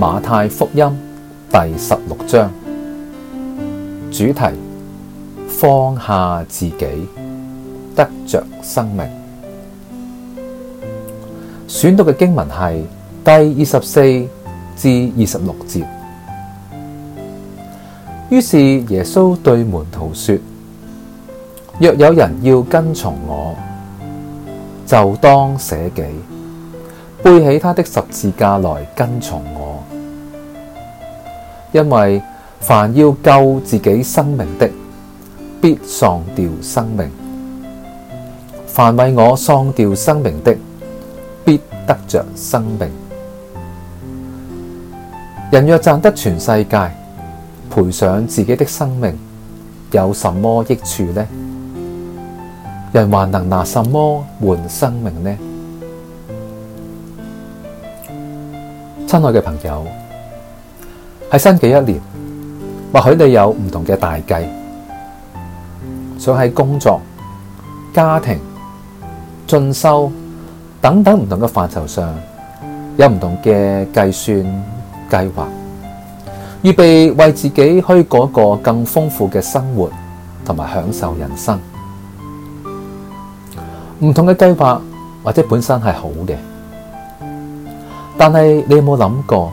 馬太福音第十六章主題：放下自己，得着生命。選讀嘅經文係第二十四至二十六節。於是耶穌對門徒說：若有人要跟從我，就當捨己，背起他的十字架來跟從我。因為凡要救自己生命的，必喪掉生命；凡為我喪掉生命的，必得着生命。人若賺得全世界，賠上自己的生命，有什麼益處呢？人還能拿什麼換生命呢？親愛嘅朋友。喺新嘅一年，或許你有唔同嘅大計，想喺工作、家庭、進修等等唔同嘅範疇上，有唔同嘅計算計劃，預備為自己可以過一個更豐富嘅生活，同埋享受人生。唔同嘅計劃或者本身係好嘅，但係你有冇諗過？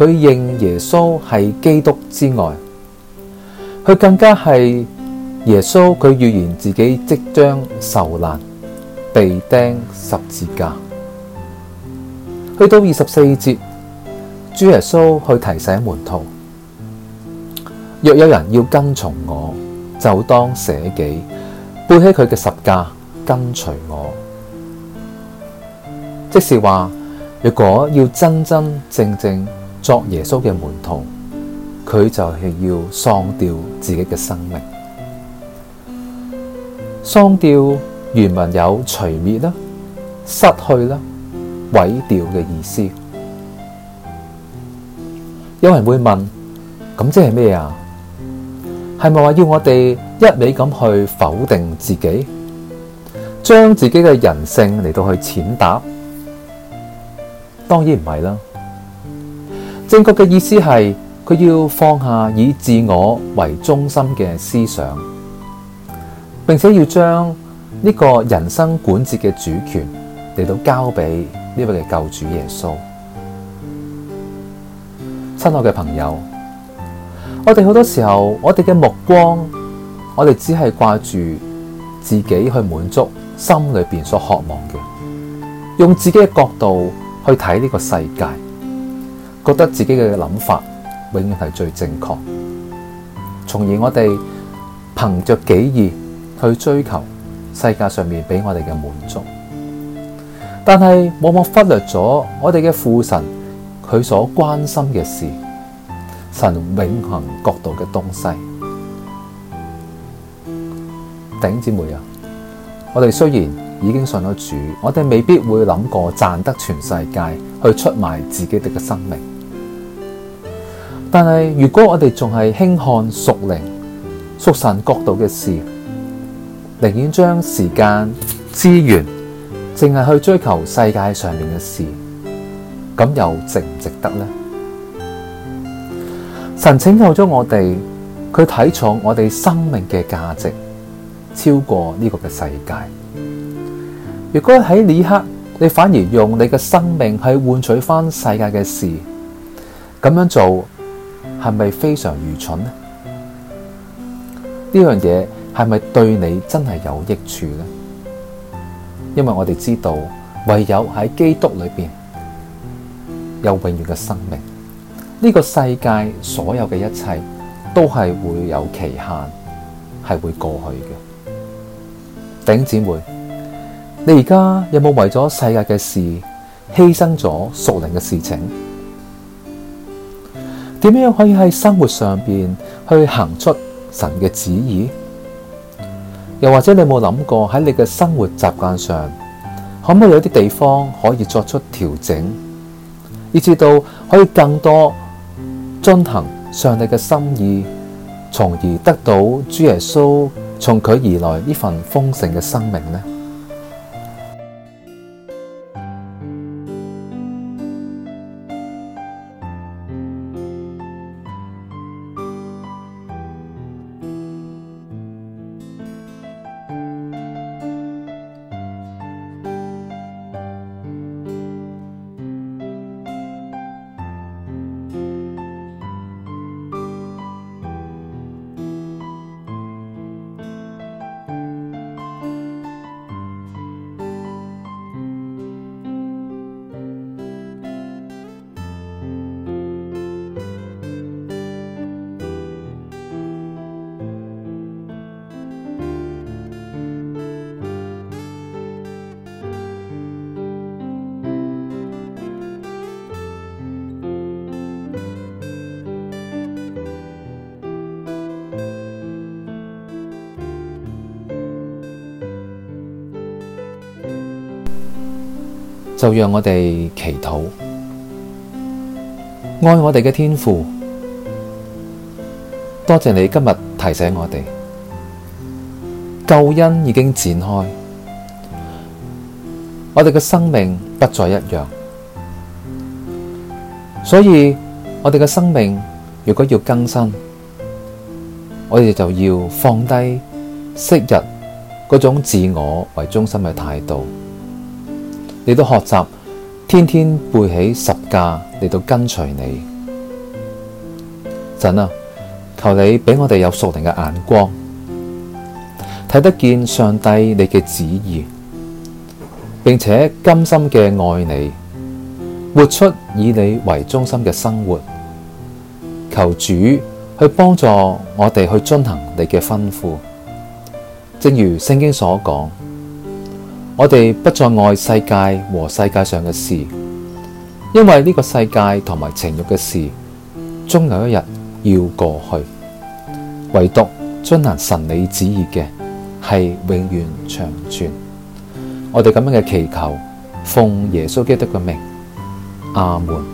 佢認耶穌係基督之外，佢更加係耶穌。佢預言自己即將受難，被釘十字架。去到二十四節，主耶穌去提醒門徒：若有人要跟從我，就當捨己，背起佢嘅十架，跟隨我。即是話，若果要真真正正。作耶穌嘅門徒，佢就係要喪掉自己嘅生命。喪掉原文有除滅啦、失去啦、毀掉嘅意思。有人會問：咁即係咩啊？係咪話要我哋一味咁去否定自己，將自己嘅人性嚟到去踐踏？當然唔係啦。正確嘅意思係，佢要放下以自我為中心嘅思想，並且要將呢個人生管節嘅主權嚟到交俾呢位嘅救主耶穌。親愛嘅朋友，我哋好多時候，我哋嘅目光，我哋只係掛住自己去滿足心裏邊所渴望嘅，用自己嘅角度去睇呢個世界。覺得自己嘅諗法永遠係最正確，從而我哋憑着己意去追求世界上面俾我哋嘅滿足，但係往往忽略咗我哋嘅父神，佢所關心嘅事，神永恒角度嘅東西。弟兄姊妹啊，我哋雖然已經信咗主，我哋未必會諗過賺得全世界去出賣自己哋嘅生命。但係，如果我哋仲係輕看屬靈、屬神角度嘅事，寧願將時間、資源淨係去追求世界上面嘅事，咁又值唔值得呢？神拯救咗我哋，佢睇重我哋生命嘅價值超過呢個嘅世界。如果喺呢刻你反而用你嘅生命去換取翻世界嘅事，咁樣做，係咪非常愚蠢呢？呢樣嘢係咪對你真係有益處呢？因為我哋知道，唯有喺基督裏邊有永遠嘅生命。呢個世界所有嘅一切都係會有期限，係會過去嘅。頂姊妹，你而家有冇為咗世界嘅事犧牲咗屬靈嘅事情？點樣可以喺生活上面去行出神嘅旨意？又或者你冇諗過喺你嘅生活習慣上，可唔可以有啲地方可以作出調整，以至到可以更多遵行上帝嘅心意，從而得到主耶穌從佢而來呢份豐盛嘅生命呢？就讓我哋祈禱，愛我哋嘅天父，多謝你今日提醒我哋，救恩已經展開，我哋嘅生命不再一樣，所以我哋嘅生命如果要更新，我哋就要放低昔日嗰種自我為中心嘅態度。你都學習，天天背起十架嚟到跟隨你。神啊，求你畀我哋有屬靈嘅眼光，睇得見上帝你嘅旨意，並且甘心嘅愛你，活出以你為中心嘅生活。求主去幫助我哋去遵行你嘅吩咐，正如聖經所講。我哋不再愛世界和世界上嘅事，因為呢個世界同埋情欲嘅事，終有一日要過去。唯獨遵行神嘅旨意嘅，係永遠長存。我哋咁樣嘅祈求，奉耶穌基督嘅名，阿門。